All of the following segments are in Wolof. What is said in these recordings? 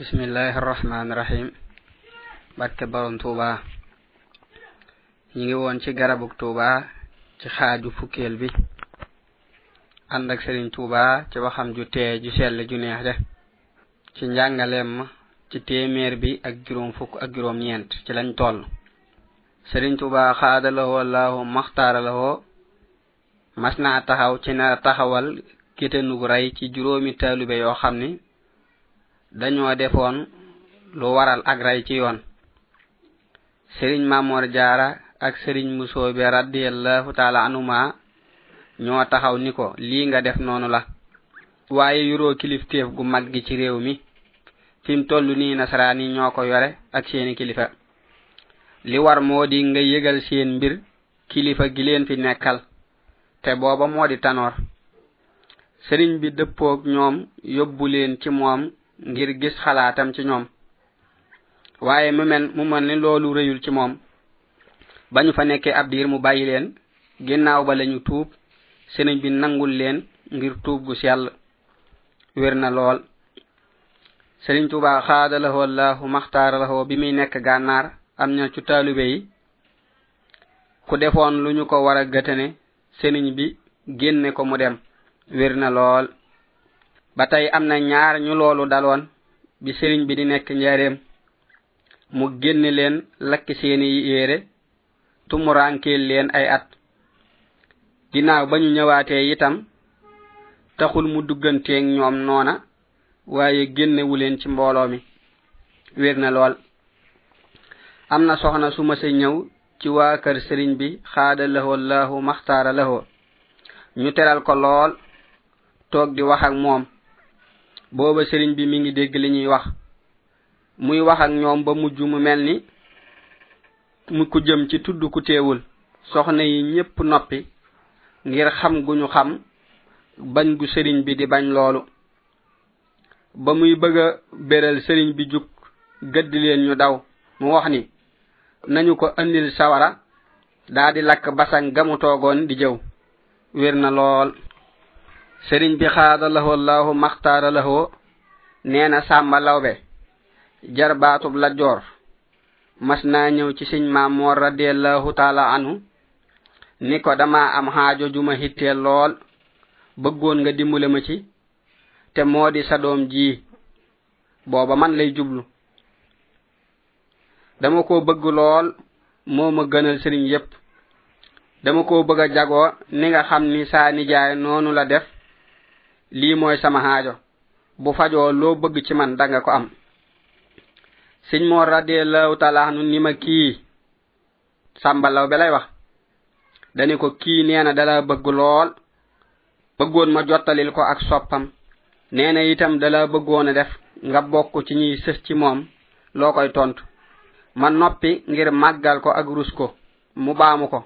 bismillahi arrahmani irrahim barke borom tuuba ñi ngi woon ci garabuk tuuba ci xaaju fukkeel bi ànd ak sëriñ tuuba ci waxam ju tee ju sell ju neex de ci njàngaleem ci téeméer bi ak juróom fukk ak juróom ñeent ci lañ toll sëriñ tuuba xaada lawo allahu maxtaara lawo mas naa taxaw ci na taxawal kéte nugu rey ci juróomi taaluba yoo xam ni dañoo defoon lu waral ak ray ci yoon sëriñ mamor jaara ak sëriñ musoo bi radiallahu taala anuma ñoo taxaw ni ko lii nga def noonu la waaye yuroo kilifteef gu mag gi ci réew mi fim toll nii nasaraani ñoo ko yore ak seeni kilifa li war moo di nga yëgal seen mbir kilifa gi leen fi nekkal te booba moo di tanoor sëriñ bi dëppoog ñoom yóbbu leen ci moom ngir gis xalaatam ci ñoom waaye mu mel mu mel ni loolu reyul ci moom ba ñu fa nekkee ab diir mu bàyyi leen ginnaaw ba lañu tuub sëriñ bi nangul leen ngir tuub gu sell wér na lool sëriñ tuuba xaada laxoo laahu maxtaara laxoo bi muy nekk gànnaar am ña cu taalube yi ku defoon lu ñu ko war a gëtane sëriñ bi génne ko mu dem wér na lool ba tey am na ñaar ñu loolu daloon bi sëriñ bi di nekk njeereem mu génn leen lakk seeni yére tumuraankeel leen ay at ginnaaw ba ñu ñëwaatee itam taxul mu dugganteeg ñoom noona waaye génnewuleen ci mbooloo mi wér na lool am na soxna su ma say ñëw ci waa kër sëriñ bi xaada lahoo laahu maxtaara lahoo ñu teral ko lool toog di wax ak moom booba sëriñ bi mi ngi dégg li ñuy wax muy wax ak ñoom ba mujj mu mel ni mu ku jëm ci tudd ku teewul soxna yi ñépp noppi ngir xam guñu xam bañ gu sëriñ bi di bañ loolu ba muy bëgg a béréel sëriñ bi jug gëdd leen ñu daw mu wax ni nañu ko andil sawara daa di lakk basang gamu toogoon di jëw wér na lool serigne bi khada lahu allah makhtara lahu neena samba lawbe jarbatu la jor masna ñew ci serigne ma mo radiyallahu taala anu niko dama am haajo juma hitte lol beggon nga dimbule ma ci te modi sa dom ji boba man lay jublu dama ko bëgg lool moma gënal serigne yépp dama ko bëgg jago ni nga xamni sa ni jaay nonu la def lii mooy sama haajo bu fajoo loo bëgg ci man danga ko am sëñ moo radiallahu taala anu ni ma kii sàmbalaw bi lay wax dani ko kii nee na dalaa bëgg lool bëggoon ma jottalil ko ak soppam nee na itam dalaa bëggoon a def nga bokk ci ñuy sës ci moom loo koy tontu ma noppi ngir màggal ko ak rus ko mu baamu ko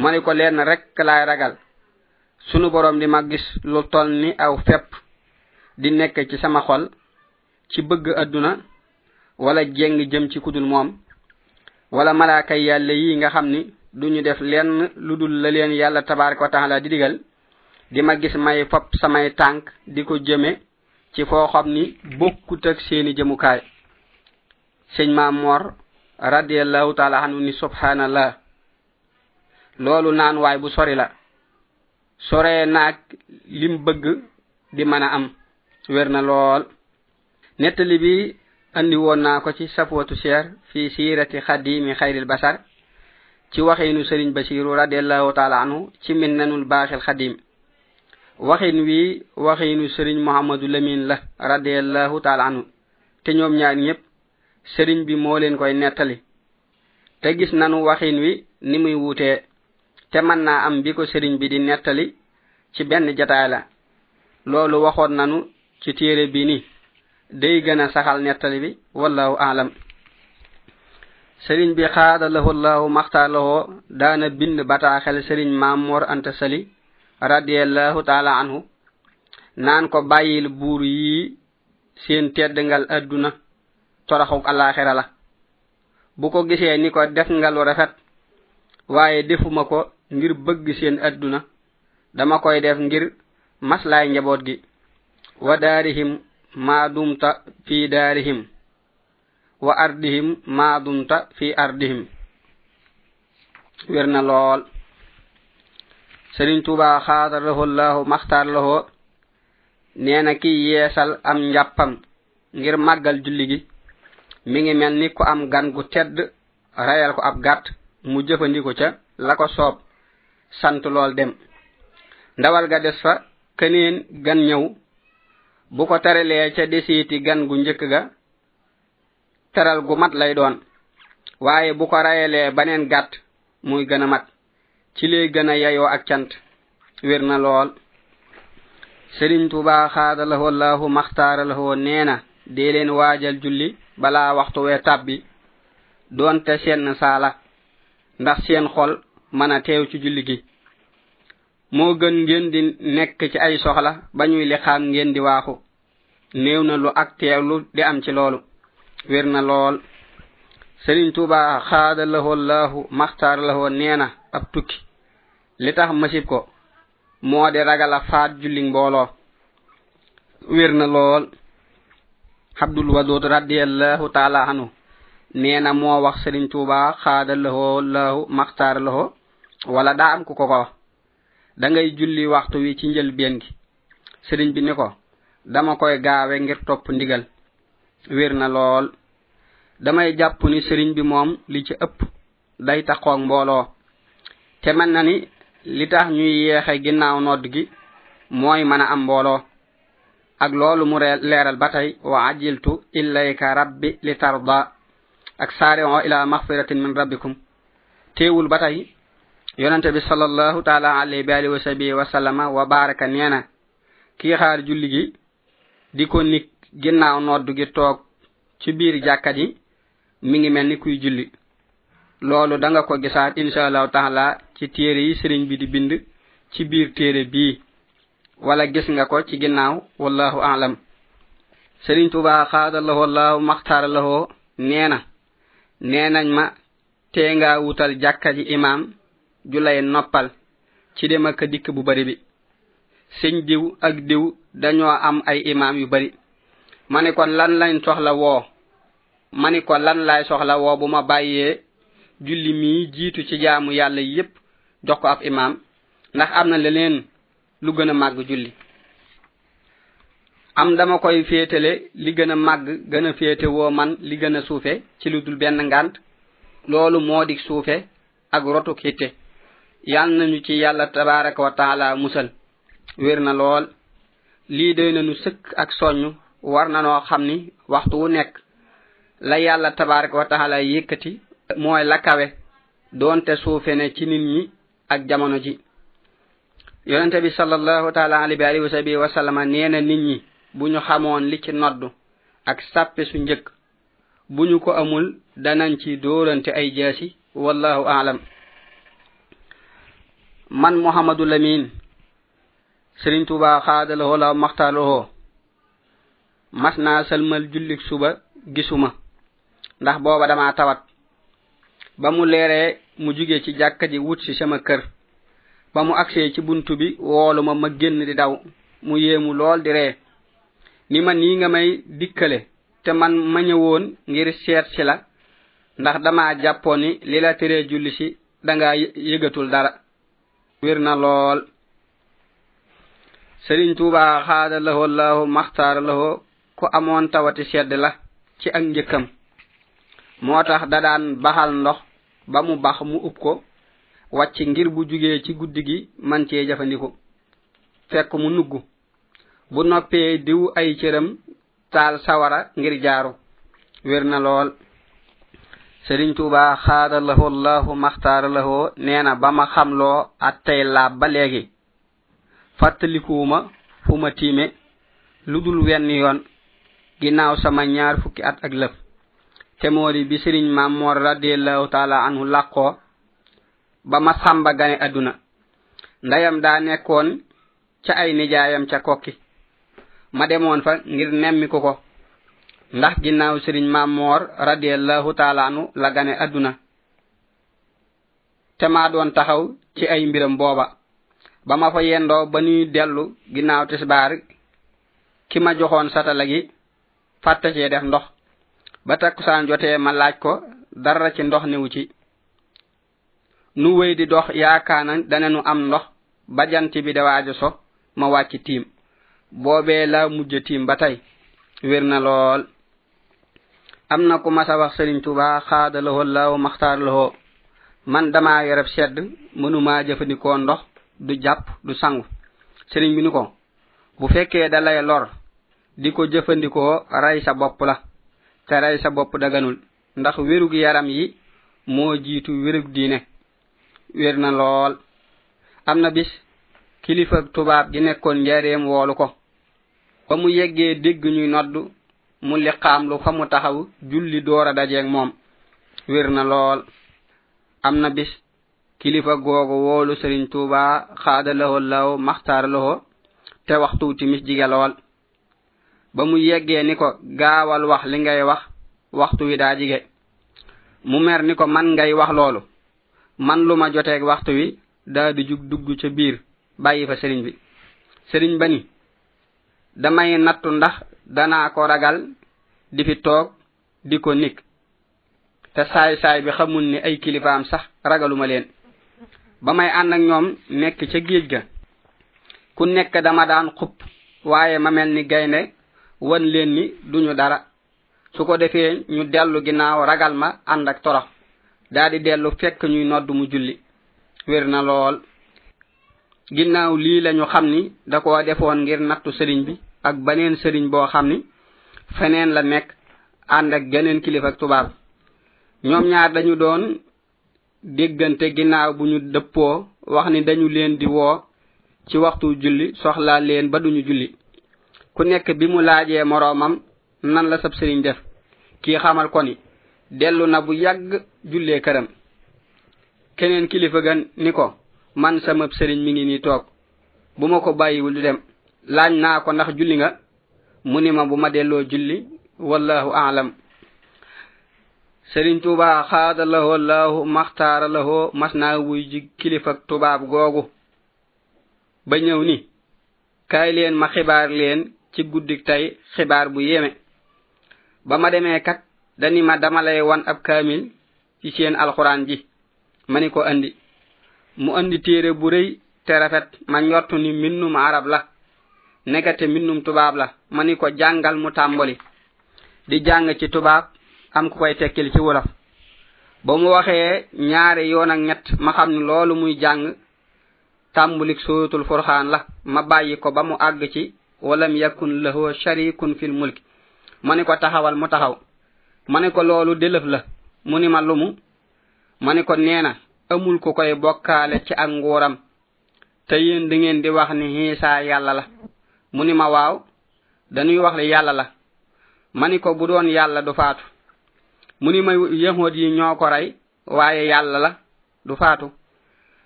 ma ni ko leen rek laay ragal sunu borom di ma gis lu toll ni aw fepp di nekk ci sama xol ci bëgg adduna wala jeng jëm ci kudul moom wala malaaka yàlla yi nga xam ni duñu def lenn lu dul la leen yàlla tabaraka wa taala di digal di ma gis may fopp samay tànk di ko jëme ci foo xam ni bokkut ak seeni jëmukaay sëñ maa moor radiallahu taala anu ni subhanallah loolu naan waay bu sori la soree naag lim bëgg di mën a am wér na lool nettali bi andi woon naa ko ci safwatu seer fii siirati xadimi xayril basar ci waxinu sëriñ basiru radiallahu taala anhu ci min nanul baaxil xadim waxin wi waxinu sëriñ muhammadu lamin la radiallahu taala anhu te ñoom ñaar ñépp sëriñ bi moo leen koy nettali te gis nanu waxin wi ni muy wuutee te mën naa am bi ko sëriñ bi di nettali ci benn jataay la loolu waxoon nanu ci téere bi ni day gën a saxal nettali bi wallahu aalam sëriñ bi xaada lahu llahu maxtaar lahoo daana bind bataaxel sëriñ maamoor anta sali radiallahu taala anhu naan ko bàyyil buur yi seen tedd ngal àdduna toraxug alaaxira la bu ko gisee ni ko def ngalu rafet waaye defuma ko ngir bëgg seen àdduna dama koy def ngir maslaay njaboot gi wa daarihim maa dumta fi daarihim wa ardihim maa dumta fi ardihim wér na lool sëriñ tuuba xaatarlahu llahu maxtaar lahoo nee na ki yeesal am njàppam ngir màggal julli gi mi ngi mel ni ku am gan gu tedd rayal ko ab gàtt mu jëfandiko ca la ko soob sant lool dem ndawal ga des fa keneen gan ñëw bu ko tarelee ca desiiti gan gu njëkk ga taral gu mat lay doon waaye bu ko rayalee baneen gàtt muy gën a mat ci lay gën a yayoo ak cant wér na lool sëriñ tuba xaada lahu allahu maxtaara lahu nee na dee leen waajal julli balaa waxtu wee tàbbi doonte seen saala ndax seen xol mën a teew ci julli gi moo gën ngeen di nekk ci ay soxla ba ñuy lixaam ngeen di waaxu néew na lu ak teewlu di am ci loolu wér na lool sëriñ tuuba xaada lahu llahu maxtaar lahu nee na ab tukki li tax masib ko moo di ragala faat julli mbooloo wér na lool abdul wadud radiallahu taala anu nee na moo wax sëriñ tuuba xaada lahu llahu maxtaar lahu wala daa am ku ko ko wax da ngay julli waxtu wi ci njël biyen gi sëriñ bi ni ko dama koy gaawe ngir topp ndigal wér na lool damay jàpp ni sëriñ bi moom li ci ëpp day taxoo mbooloo te man na ni li tax ñuy yeexe ginnaaw nodd gi mooy mën a am mbooloo ak loolu mu leeral ba tey wa ajiltu illayka rabbi li tarda ak saari oo ila maxfiratin min rabbikum teewul ba tey yonante bi sallallahu taala alayhi wa alihi wa sahbihi wa sallama wa baraka neena ki xaar julli gi di ko nit ginnaaw nodd gi toog ci biir jàkkat yi mi ngi mel ni kuy julli loolu da nga ko gisaat insha allahu taala ci téere yi sëriñ bi di bind ci biir téere bii wala gis nga ko ci ginnaaw wallahu alam sëriñ tuba xaadallahu allahu maxtaar lahoo neena neenañ ma tee ngaa wutal jàkkat yi imaam ju noppal ci dem ak dikk bu bari bi sëñ diw ak diw dañoo am ay imaam yu bari ma ni kon lan lañ soxla woo ma ni ko lan laay soxla woo bu ma bàyyee julli mii jiitu ci jaamu yàlla yépp jox ko ab imaam ndax am na leneen lu gën a màgg julli am dama koy féetale li gën a màgg gën a féete woo man li gën a suufe ci lu dul benn ngànt loolu moo di suufe ak rotu xitte yal nañu ci yàlla tabaraka wa taala musal wér na lool lii doy nanu sëkk ak soññu war na noo xam ni waxtu wu nekk la yàlla tabaraka wa taala yëkkati mooy la kawe doonte suufe ne ci nit ñi ak jamono ji yonente bi salallahu taala alibi alihi wasabi wasalama nee na nit ñi bu ñu xamoon li ci noddu ak sàppe su njëkk bu ñu ko amul danañ ci dóorante ay jeesi wallahu aalam man muhammadu lamin serigne touba khadalo hola maktalo ho masna salmal julik suba gisuma ndax boba dama tawat ba mu lere mu joge ci jakka ji wut ci sama kër ba mu accé ci buntu bi woluma ma genn di daw mu yemu lol di re ni man ni nga may dikkale te man ma ñewoon ngir seet ci la ndax dama jappo ni lila tere julli ci da nga yëgatul dara wirna lol serigne touba khada lahu allah makhtar lahu ku amon tawati sedd la ci ak ñeekam motax da daan baxal ndox ba mu bax mu upp ko wacc ngir bu joge ci guddi gi man ci jafandiko fekk mu nuggu bu noppé diw ay ceeram taal sawara ngir jaaru wirna lol serigne touba khada lahu allah makhtar lahu neena bama xamlo attay la ba legi fatalikuma fuma timé ludul wenn yon ginaaw sama ñaar fukki at ak lepp te moori bi serigne mam mor radiyallahu taala anhu laqo bama samba gane aduna ndayam da nekkon ca ay nijaayam ca kokki ma demon fa ngir nemmi ko ko ndax ginnaaw sëriñ mamor radiyallahu taala anu la gane aduna te maa doon taxaw ci ay mbiram booba ba ma fa yendoo ba nuy dellu ginnaaw tisbaar ki ma joxoon satala gi fàtte cee def ndox ba takkusaan jotee ma laaj ko dara ci ndox niwu ci nu wéy di dox yaakaana danenu am ndox ba jànti bi dawaa so ma wàcc tiim boobee laa mujj tiim ba tey wér na lool am na ku masa wax sëriñ tuba xaada lao law maxtaar lao man damaa yarab sedd mënumaa jëfandikoo ndox du jàpp du sangu sëriñ bi ni ko bu fekkee dalay lor di ko jëfandikoo ray sa bopp la te ray sa bopp daganul ndax wérug yaram yi moo jiitu wérug diine wér na lool am na bis kilifa tubaab gi nekkoon njaareem woolu ko ba mu yeggee dégg ñuy noddu mu liqaam lu fa mu taxaw julli door a dajeeg moom wér na lool am na bis kilifa googu woolu sëriñ tuuba xaada laho law maxtaar laho te waxtu ti mis jige lool ba mu yeggee ni ko gaawal wax li ngay wax waxtu wi daa jige mu mer ni ko man ngay wax loolu man lu ma joteeg waxtu wi daa di jug dugg ca biir bàyyi fa sëriñ bi sëriñ ba ni damay nattu ndax danaa ko ragal di fi toog di ko nikk te saay-saay bi xamul ni ay kilifaam sax ragaluma leen ba may ànd ak ñoom nekk ca géej ga ku nekk dama daan xupp waaye ma mel ni gaynde wan leen ni duñu dara su ko defee ñu dellu ginnaaw ragal ma ànd ak torox daldi dellu fekk ñuy nodd mu julli wér na lool ginnaaw lii lañu xam ni da koo defoon ngir nattu sëriñ bi ak beneen sëriñ boo xam ni feneen la nekk ànd ak geneen kilifa ak tubaab ñoom ñaar dañu doon déggante ginnaaw bu ñu dëppoo wax ni dañu leen di woo ci waxtu julli soxlaa leen ba duñu julli ku nekk bi mu laajee moroomam nan la sab sëriñ def kii xamal ko ni dellu na bu yàgg jullee këram keneen kilifa ga ni ko man sama sëriñ mi ngi nii toog bu ma ko bàyyiwul dem laaj naa ko ndax julli nga mu ni ma bu ma delloo julli wallahu aalam sëriñ tuuba xaada lahoo laahu maxtaara lahoo mas naa wuy jig kilifak tubaab googu ba ñëw ni kaay leen ma xibaar leen ci guddik tey xibaar bu yeme ba ma demee kat dani ma dama lay wan ab kaamil ci seen alxuraan ji ma ni ko andi mu andi téere bu rëy te rafet ma ñortu ni minnum arab la negate minnum tubaab la ma ni ko jàngal mu tàmbali di jàng ci tubaab am ko koy tekkil ci wolof ba mu waxee ñaari yoon ak ñett ma xam ni loolu muy jàng tàmbulik suratul furxaan la ma bàyyi ko ba mu àgg ci walam yakun lahu sharikun fil mulk ma ni ko taxawal mu taxaw ma ni ko loolu délëf la mu ni ma lu mu ma ni ko nee na amul ku koy bokkaale ci ak nguuram te yéen di ngeen di wax ni xiisaa yàlla la mu ni ma waaw dañuy wax le yàlla la ma ni ko bu doon yàlla du faatu mu ni ma yëngoot yi ñoo ko rey waaye yàlla la du faatu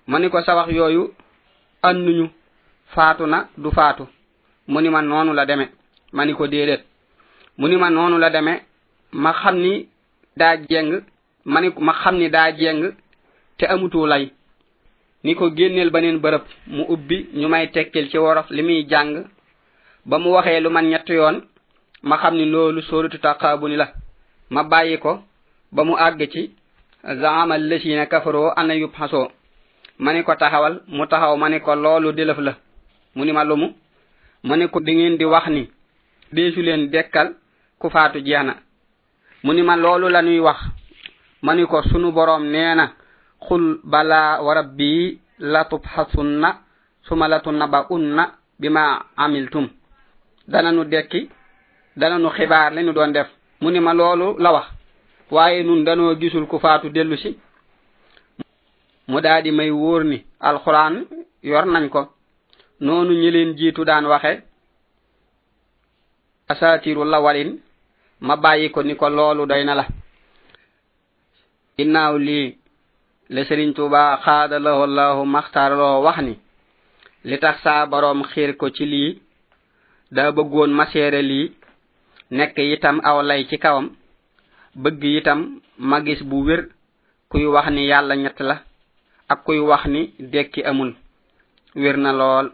ma ni ko sa wax yooyu ànnuñu faatu na du faatu mu ni ma noonu la deme ma ni ko déedéet mu ni ma noonu la deme ma xam ni daa jeng ma ni ma xam ni daa jeng te amutoo lay ni ko génneel baneen bërëb mu ubbi ñu may tekkil ci worof li muy jàng ba mu waxee lu man ñett yoon ma xam ni loolu sóolutu taqaabu ni la ma bàyyi ko ba mu àgg ci zaama lësina kafaroo ana yub xasoo ma ni ko taxawal mu taxaw ma ni ko loolu dilëf la mu ni ma lu mu ma ni ko di ngeen di wax ni deesu leen dekkal ku faatu jeex na mu ni ma loolu la nuy wax ma ni ko sunu boroom nee na xul bala wa rabbi la tubxasunna suma la tunnaba unna bima amiltum dana nu dekki dana nu xibaar li ñu doon def mu ni ma loolu la wax waaye nun danoo gisul ku faatu dellu si mu daadi may wóor ni alxuraan yor nañ ko noonu ñi leen jiitu daan waxe asaatiru lawalin ma bàyyi ko ni ko loolu doy na la ginnaaw lii la sëriñ tuba xaada lahu llahu maxtaar loo wax ni li tax saa boroom xiir ko ci lii da bëggoon maséere lii nekk itam aw lay ci kawam bëgg itam ma gis bu wér kuy wax ni yàlla ñett la ak kuy wax ni dekki amul wér na lool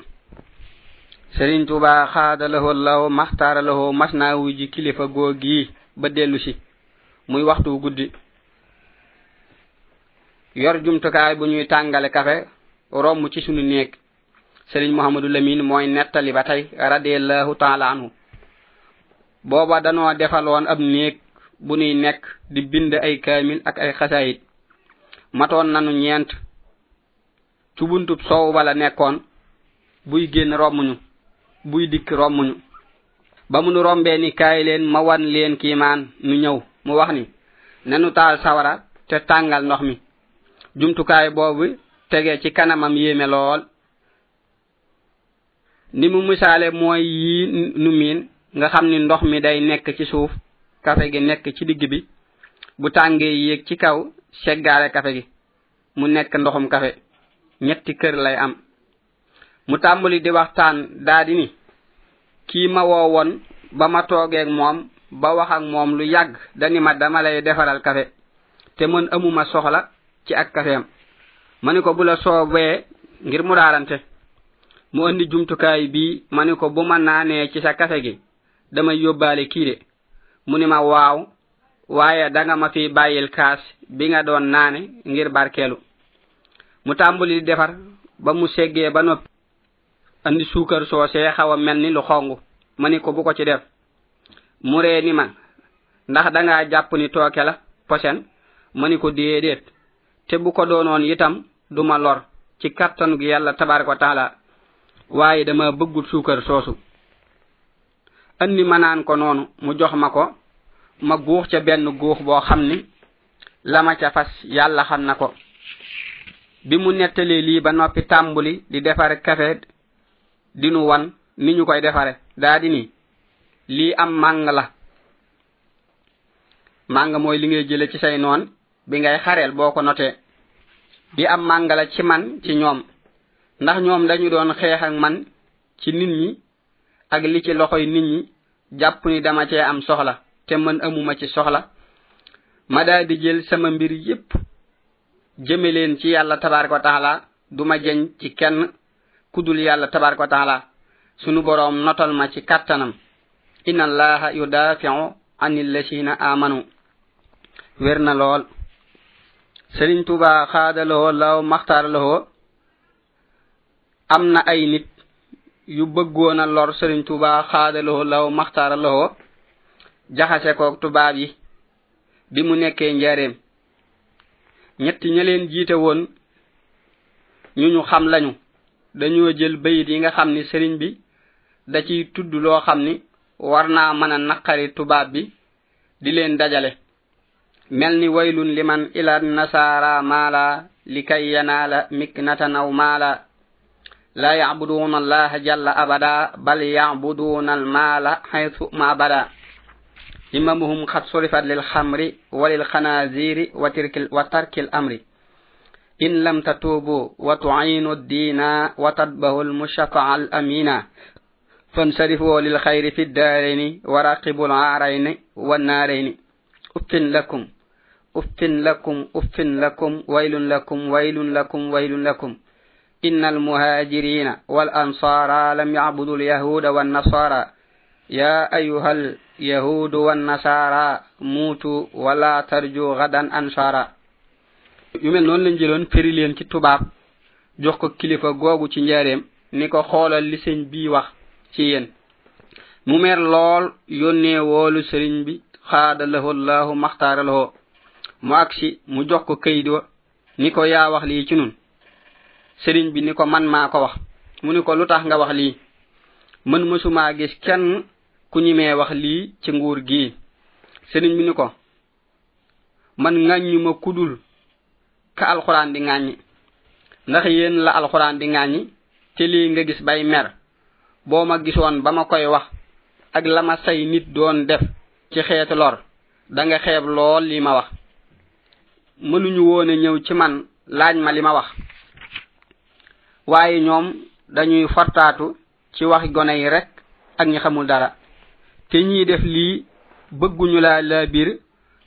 sëriñ tuba xaada lahu law maxtaara lahu masnaawu ji kilifa goo gii ba dellu si muy waxtu guddi yor jumtukaay bu ñuy tàngale kafe romb ci sunu néeg serigne mohamadou lamine mooy nettali ba tey radiallahu taala anhu booba danoo defaloon ab néeg bu nuy nekk di bind ay kaamil ak ay xasaayit matoon nanu ñeent ci buntub soow ba la nekkoon buy génn rommuñu buy dikk rommuñu ba mu nu rombee ni kaay leen ma wan leen kiimaan nu ñëw mu wax ni nanu taal sawara te tàngal ndox mi jumtukaay boobu tege ci kanamam yéeme lool ni mu misaale mooy yi nu miin nga xam ni ndox mi day nekk ci suuf kafe gi nekk ci digg bi bu tàngee yéeg ci kaw seggaale kafe gi mu nekk ndoxum kafe ñetti kër lay am mu tàmbali di waxtaan daadi ni kii ma woo woon ba ma toogeeg moom ba wax ak moom lu yàgg dani ma dama lay defaral kafe te mën amuma soxla ci ak kafeem ma ni ko bu la soobee ngir mu daarante mu andi jumtukaay bi ma ne ko bu ma naanee ci sa kafe gi damay yóbbaale kii de mu ni ma waaw waaye da nga ma fi bàyyil kaas bi nga doon naane ngir barkeelu mu tàmbali di defar ba mu seggee ba noppi andi suukar soosee xaw a mel ni lu xongu ma ni ko bu ko ci def mu ree ni ma ndax da ngaa jàpp ni tooke la posen ma ni ko déedéet te bu ko doonoon itam du ma lor ci kàttan gu yàlla tabaraka wa taala waaye dama bëggut suukar soosu andi ma naan ko noonu mu jox ma ko ma guux ca benn guux boo xam ni lama ca fas yàlla xam na ko bi mu nettalee lii ba noppi tàmbuli di defar kafe dinu wan ni ñu koy defare daa di ni lii am màng la màng mooy li ngay jële ci say noon bi ngay xareel boo ko notee bi am màng la ci man ci ñoom ndax ñoom lañu doon xeex ak man ci nit ñi ak li ci loxoy nit ñi jàpp ni dama cee am soxla te man amuma ci soxla ma daal di jël sama mbir yépp jëme leen ci yàlla tabaraka wa taala du ma jeñ ci kenn ku dul yàlla tabaraka wa taala sunu borom notal ma ci kàttanam inna allaha yudafiu an illasina amanu wér na lool sëriñ tuba xaadaloo law maxtaar lawoo amna ay nit yu bëggoona lor sëriñ tuba xaadaloo law maxtaara loxoo jaxase koog tubaab yi bi mu nekkee njareem ñetti ña leen jiite woon ñu ñu xam lañu dañoo jël bayit yi nga xam ni sëriñ bi da ciy tudd loo xam ni war naa mën a naqari tubaab bi di leen dajale mel ni waylun liman ilan nasaara maala likay yanaala miknatanaw maala لا يعبدون الله جل أبدا بل يعبدون المال حيث ما بدا إمامهم قد صرفت للخمر وللخنازير وترك, وترك الأمر إن لم تتوبوا وتعينوا الدين وتتبهوا المشفع الأمين فانصرفوا للخير في الدارين وراقبوا العارين والنارين أف لكم أف لكم أف لكم ويل لكم ويل لكم ويل لكم, ويل لكم إن المهاجرين والأنصار لم يعبدوا اليهود والنصارى يا أيها اليهود والنصارى موتوا ولا ترجوا غدا أنصارا يمل نون لنجلون فريلين كي تباب جوخ كليفا غوغو تي نياريم نيكو خولال لي سيرن بي واخ تي يين مومير لول يوني وولو سيرن بي خاد له الله مختار له مو اكسي مو جوخ كيدو نيكو يا واخ لي تي نون sëriñ bi ni ko man maa ko wax mu ni ko lu tax nga wax lii man mosumaa gis kenn ku ñimee wax lii ci nguur gii sëriñ bi ni ko man ngàññu ma kudul ka alxuraan di ngàññi ndax yéen la alxuraan di ngàññi te lii nga gis bay mer boo ma gisoon ba ma koy wax ak la ma say nit doon def ci xeeti lor da nga xeeb lool lii ma wax mënuñu woon a ñëw ci man laaj ma li ma wax waaye ñoom dañuy fartaatu ci waxi gone yi rek ak ñi xamul dara te ñii def lii bëgguñu la la biir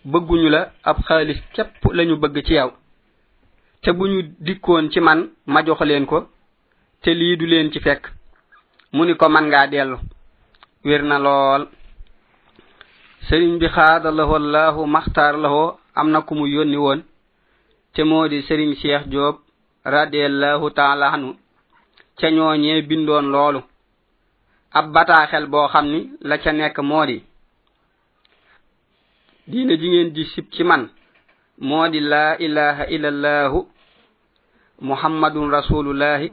bëgguñu la ab xaalis képp lañu bëgg ci yow te bu ñu dikkoon ci man ma jox leen ko te lii du leen ci fekk mu ni ko man ngaa dellu wér na lool sëriñ bi xaada laho allahu maxtaar laho am na ku mu yónni woon te moo di sëriñ cheikh diob radiyallahu ta'ala anhu ca ñooñee bindoon loolu ab bataaxel boo xam ni la ca nekk moo di diina ji ngeen di sib ci man moo di laa ilaha illallahu muhammadun rasulullahi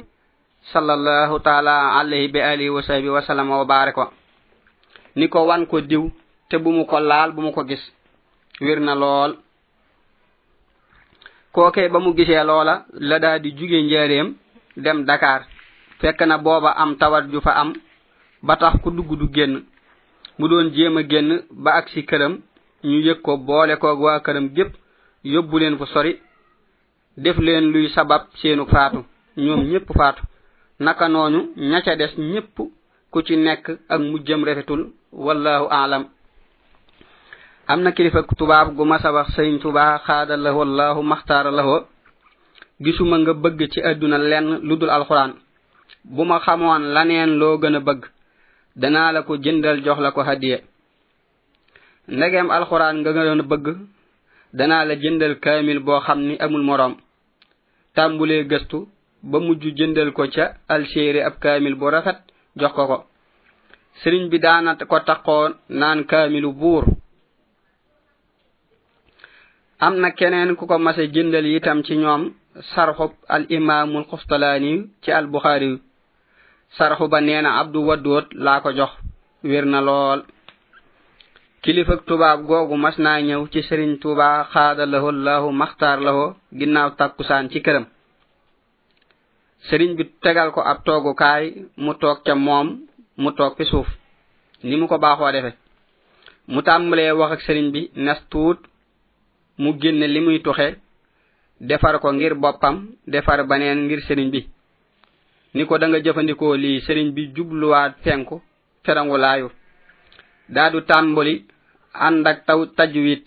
sallallahu taala alayhi bi alihi wa sahbi wa sallam wa baraka ni ko wan ko diw te bu mu ko laal bu mu ko gis wir na lool kooke ba mu gisee loola la daa di juge njëreem dem dakar fekk na booba am tawar ju fa am ba tax ko dugg du génn mu doon jéem a génn ba ak si këram ñu yëg ko boole koog waa këram gépp yóbbu leen fu sori def leen luy sabab seenu faatu ñoom ñépp faatu naka noonu ña ca des ñépp ku ci nekk ak mujjëm refetul wallahu aalam am na kilifa tubaab gu ma sabax sëñ tuba xaada lahu allahu maxtaara lahu gisuma nga bëgg ci àdduna lenn lu dul alquran bu ma xamoon laneen loo gën a bëgg danaa la ko jëndal jox la ko hadiya ndegeem alquran nga gën a bëgg danaa la jëndal kaamil boo xam ni amul morom tàmbulee gëstu ba mujj jëndal ko ca alchéri ab kaamil bu rafet jox ko ko sëriñ bi daana ko taqoo naan kaamilu buur am na keneen ku ko mase jëndal itam ci ñoom sarxub al imaamu lxuftalaani ci al buxaari sarxu ba nee na abdu wadduot laa ko jox wér na lool kilifak tubaab googu mas naa ñëw ci sëriñ tuuba xaada lahu llahu maxtaar laho ginnaaw takkusaan ci këram sëriñ bi tegal ko ab toogukaay mu toog ca moom mu toog fi suuf ni mu ko baaxoo defe mu tàmbalee wax ak sëriñ bi nas tuut mu génne li muy tuxe defar ko ngir boppam defar baneen ngir sëriñ bi ni ko da nga jëfandikoo lii sëriñ bi jubluwaat fenku ferangu laayu daadu tàmbali ànd ak taw tajwit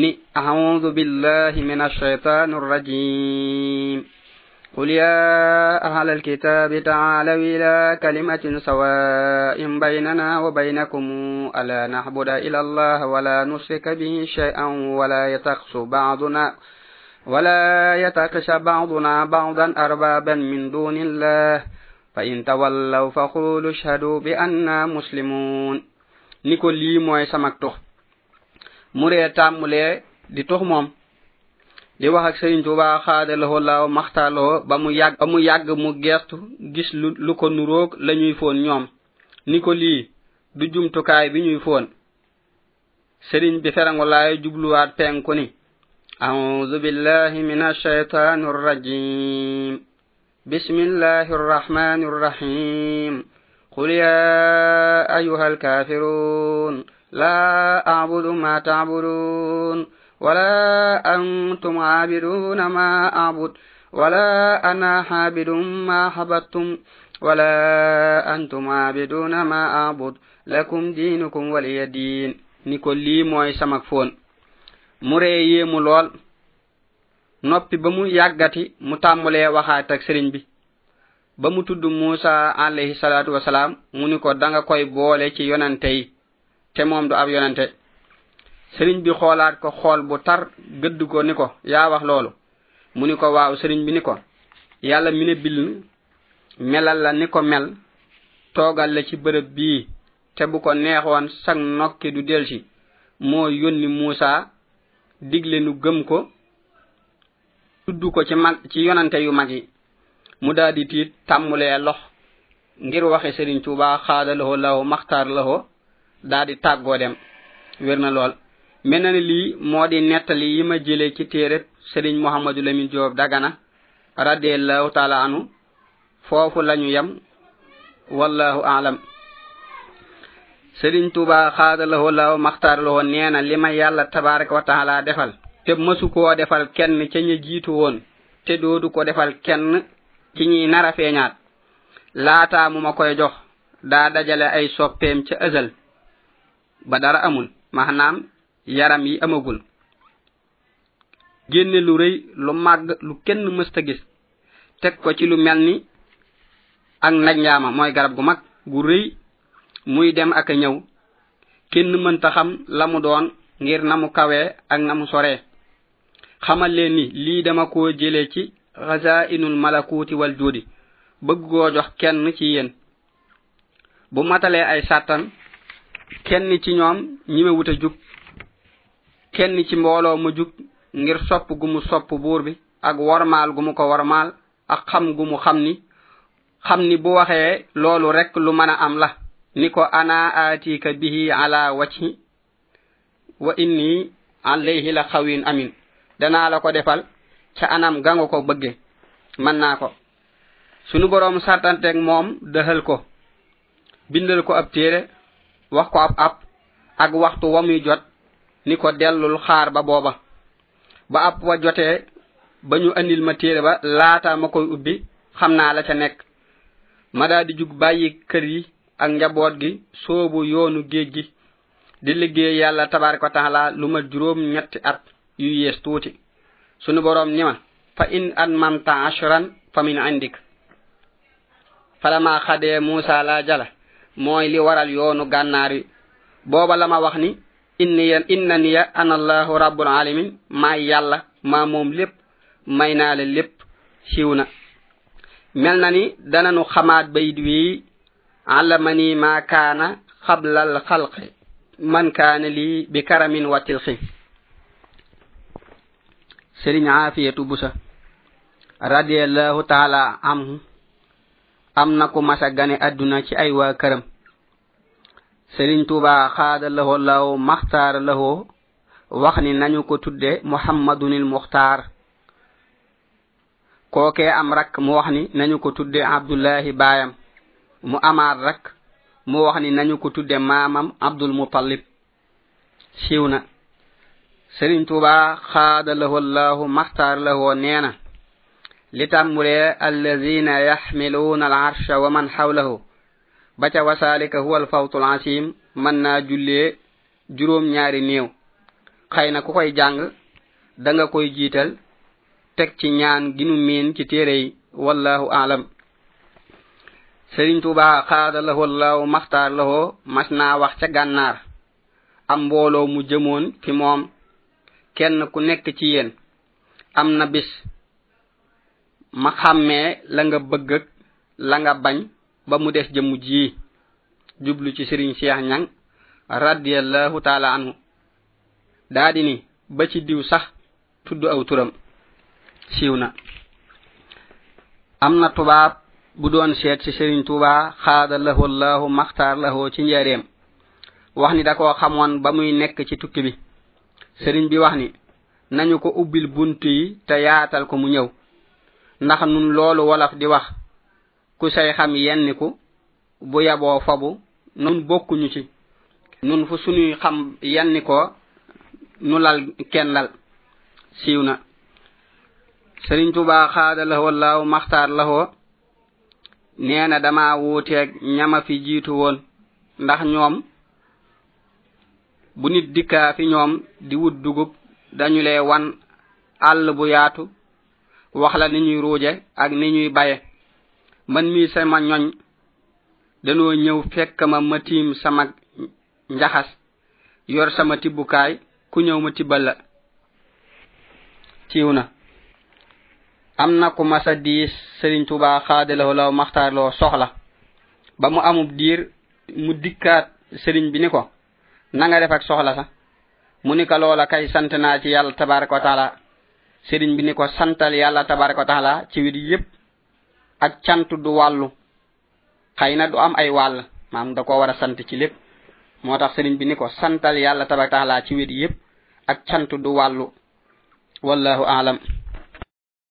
ni ahamudu billahi min ashaytanir rajim قل يا أهل الكتاب تعالوا إلى كلمة سواء بيننا وبينكم ألا نعبد إلى الله ولا نشرك به شيئا ولا يتقص بعضنا ولا يتقش بعضنا بعضا أربابا من دون الله فإن تولوا فقولوا اشهدوا بأننا مسلمون نيكو لي موي سمك توخ مري تامولي دي توخ موم di wax ak sëriñ tuuba xaadalahu llaahu maxtaaloo ba mu yàgg ba mu yàgg mu gertu gis lu lu ko nuróog la ñuy foon ñoom ni ko lii du jumtukaay bi ñuy foon sëriñ bi ferango laay jubluwaat penku ni أعوذ بالله من الشيطان الرجيم بسم الله الرحمن الرحيم قل يا أيها الكافرون لا أعبد ما تعبدون ولا أنتم عابدون ما أعبد ولا أنا عابد ما حبدتم ولا أنتم عابدون ما أعبد لكم دينكم ولي دين نيكولي موي سامك فون موري ييمو لول نوبي بامو ياغاتي مو تامولي واخات اك سيرين بي بامو تود موسى عليه الصلاه والسلام مو نيكو داغا كوي بولي سي يونانتي تي موم دو اب يونانتي sëriñ bi xoolaat ko xool bu tar gëdd ko ni ko yaa wax loolu mu ni ko waaw sëriñ bi ni ko yàlla mi ne bil melal la ni ko mel toogal la ci bërëb bii te bu ko neexoon sag nokki du del ci moo yónni muusa digle nu gëm ko tudd ko ci mag ci yonante yu mag yi mu daal di tiit tàmmulee lox ngir waxe sëriñ cuubaa xaada laxoo laxoo maxtaar laxoo daal di tàggoo dem wér na lool mel na ne lii moo di nettali yi ma jëlee ci téere sëriñ mohammadu lamin joob dagana radiallahu taala anu foofu lañu yam wallahu aalam sëriñ tuuba xaadalahu law maxtaar lahu nee na li ma yàlla tabaraka wa taala defal te mësu koo defal kenn ca ña jiitu woon te doodu ko defal kenn ci ñuy nar a feeñaat laataa mu ma koy jox daa dajale ay soppeem ca ësal ba dara amul maanaam yaram yi amagul génne lu rëy lu màgg lu kenn mësta gis teg ko ci lu mel ni ak najnjaama mooy garab gu mag gu rëy muy dem ak a ñëw kenn mënta xam la mu doon ngir na mu kawee ak na mu soree xamal leen ni lii dama ko jële ci xazainul malakuuti wal juudi bëgg koo jox kenn ci yéen bu matalee ay sàttan kenn ci ñoom ñi ma jub kenn ci mbooloo mu jug ngir sopp gu mu sopp buur bi ak warmaal gu mu ko warmaal ak xam gu mu xam ni xam ni bu waxee loolu rek lu mën a am la ni ko ana aatiika bihi ala wacci wa inni alayhi la xawin amin danaa la ko defal ca anam ga nga ko bëgge mën naa ko sunu boroom sàttanteeg moom dëhal ko bindal ko ab téere wax ko ab ab ak waxtu wa muy jot ni ko dellul xaar ba booba ba ab wa jotee ba ñu andil ma téere ba laata ma koy ubbi xam naa la ca nekk ma daal di jug bàyyi kër yi ak njaboot gi soobu yoonu géej gi di liggéey yàlla tabaraka taala lu ma juróom ñetti at yu yees tuuti sunu boroom ni ma fa in an mamta ashran fa min indik falama xadee muusa laa jala mooy li waral yoonu gànnaar yi booba la ma wax ni inniya innaniya anallahu rabbul alamin may yalla ma mom lepp may na le lepp xiwna mel na ni dana nu xamaat bay wi alamani ma kana qabla al khalq man kana li bi karamin wa tilkhin serigne afiyatu busa radiyallahu ta'ala am amna ko massa gane aduna ci ay wa karam serigne touba khadalahu allah makhtar lahu wax ni nañu ko tudde muhammadunil mukhtar koke am rak mu wax ni nañu ko tudde abdullahi bayam mu amaat rak mu wax ni nañu ko tudde maamam abdul mutallib siiw na serigne touba khadalahu allah makhtar lahu neena li tamulee alladhina yaxmiluuna al arsha wa man xawlahu ba ca wasaalika huwa al fawtul asim man naa jullee juróom ñaari néew xëy na ku koy jàng da nga koy jiital teg ci ñaan ginu miin ci téere yi wallahu aalam sëriñ tuba xaada lahu allahu maxtaar laho mas naa wax ca gànnaar am mbooloo mu jëmoon fi moom kenn ku nekk ci yéen am na bis ma xàmmee la nga bëggëg la nga bañ ba mu des jëm ji jublu ci serigne cheikh ñang radiyallahu ta'ala anhu daadini ba ci diw sax tuddu aw turam siwna amna tubab bu doon seet ci serigne touba khada lahu allah makhtar lahu ci njereem wax ni da ko xamoon ba muy nekk ci tukki bi serigne bi wax ni nañu ko ubbil buntu yi te yaatal ko mu ñëw ndax nun loolu wolof di wax ku say xam yenniku bu yaboo fabu nun bokkuñu ci nun fu suñuy xam yennikoo nu lal kennal siiw na sëriñ tuba xaada lahoo laawu maxtaar lahoo nee na damaa wuuteeg ñama fi jiitu woon ndax ñoom bu nit dikkaa fi ñoom di wut dugub dañu lay wan àll bu yaatu wax la ni ñuy ruuje ak ni ñuy baye man mi sama ñoñ dano ñew fekk ma matim sama njaxas yor sama tibukaay ku ñew ma tibal la ciwna amna ku ma sa dis serigne touba khadalahu law makhtar lo soxla ba mu amub dir mu dikkat serigne bi ni ko na nga def ak soxla sa mu ni ka lola kay sant na ci yalla tabaaraku ta'ala serigne bi ni ko santal yalla tabaaraku ta'ala ci wir yépp ak cant du wàllu xayna du am ay wàll maam da koo war a sant ci lépp moo tax sëriñ bi ni ko santal yàlla tabak taxalaa ci wér yépp ak cant du wàllu wallahu alam